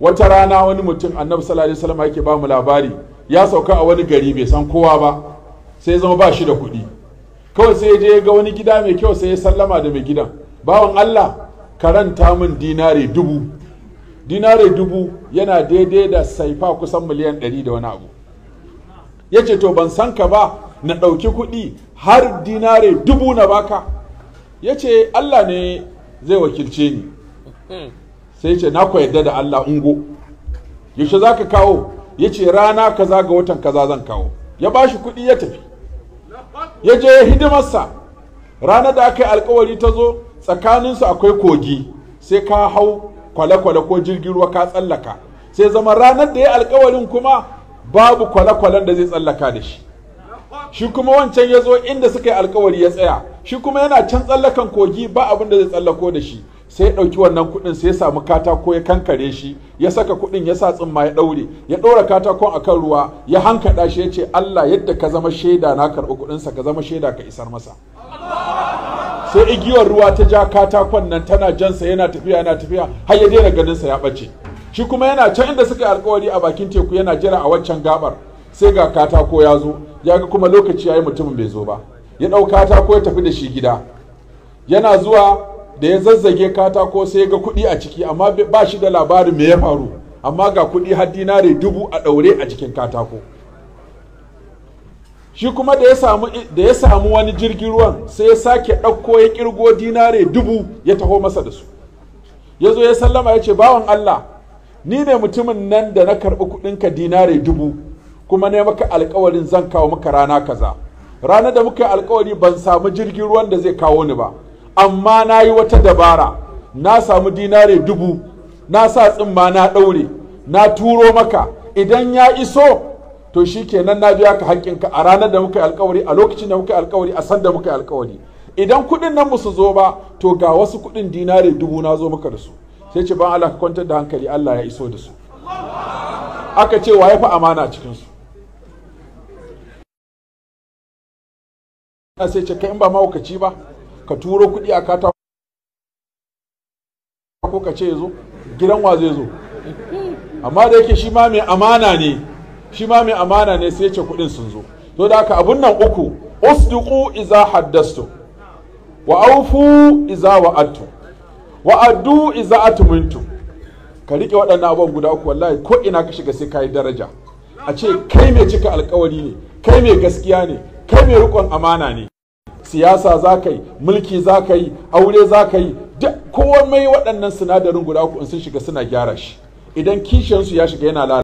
wata rana wani mutum annabi sallallahu alaihi wasallam yake ba mu labari ya sauka a wani gari bai san kowa ba sai zama ba shi da kuɗi kawai sai ya je ga wani gida mai kyau sai ya sallama da mai gidan bawan Allah karanta min dinare dubu dinare dubu yana daidai da saifa kusan miliyan ɗari da wani abu yace to ban san ka ba na ɗauki kuɗi har dinare dubu na baka yace Allah ne zai wakilce ni hmm. sai ce na ku yadda da Allah ungo yaushe za ka kawo ya ce rana kaza ga watan kaza zan kawo ya ba shi kuɗi ya tafi ya je ya hidimarsa ranar da aka yi alkawari ta zo tsakaninsu akwai kogi sai ka hau kwale-kwale ko jirgin ruwa ka tsallaka sai zama ranar da ya alkawarin kuma babu kwale-kwalen da zai tsallaka da shi shi kuma wancan ya zo inda suka yi alkawari ya tsaya shi kuma yana can tsallakan kogi ba abin da zai tsallako da shi sai ya ɗauki wannan kuɗin sai ya samu katako ya kankare shi ya saka kuɗin ya sa tsumma ya ɗaure ya ɗora katakon a kan ruwa ya hankaɗa shi ya ce Allah yadda ka zama shaida na karɓi kuɗinsa ka zama shaida ka isar masa sai igiyar ruwa ta ja katakon nan tana jansa yana tafiya yana tafiya har ya daina ganin sa ya ɓace shi kuma yana can inda suka yi alkawari a bakin teku yana jira a waccan gabar sai ga katako ya zo ya ga kuma lokaci ya yi mutumin bai zo ba ya ɗau katako ya tafi da shi gida yana zuwa da ya zazzage katako sai ga kuɗi a ciki amma ba shi da labarin me ya faru amma ga kuɗi har dinare dubu a ɗaure a cikin katako shi kuma da ya samu wani jirgin ruwan sai ya sake ɗauko ya kirgo dinare dubu ya taho masa da su ya zo ya sallama ya ce bawan Allah ni ne mutumin nan da na karɓi kuɗinka dinare dubu kuma ne maka alkawarin zan kawo maka rana kaza ranar da muka yi alkawari ban samu jirgin ruwan da zai kawo ni ba amma na yi wata dabara na samu dinare dubu na sa tsimma na ɗaure na turo maka idan ya iso to shi kenan na biya ka haƙƙinka a ranar da muka yi alkawari a lokacin da muka yi alkawari a san da muka yi alkawari idan kuɗin nan musu zo ba to ga wasu kuɗin dinare dubu na zo maka da su sai ce ban Allah ka kwantar da hankali Allah ya iso da su aka ce wa ya fi amana a su sai ce kai in ba mahaukaci ba ka turo kuɗi a kata ko ka ce zo gidan wa zai zo amma da yake shi ma mai amana ne shi ma mai amana ne sai ce kuɗin sun zo to da haka abun nan uku usduqu iza haddastu wa aufu iza wa'adtu wa addu iza atmintu ka rike waɗannan abubuwan guda uku wallahi ko ina ka shiga sai yi daraja a ce kai mai cika alkawari ne kai mai gaskiya ne kai mai rikon amana ne siyasa za ka yi mulki za ka yi aure za ka yi mai waɗannan sinadarin guda uku sun shiga suna gyara shi idan kishiyansu ya shiga yana lalata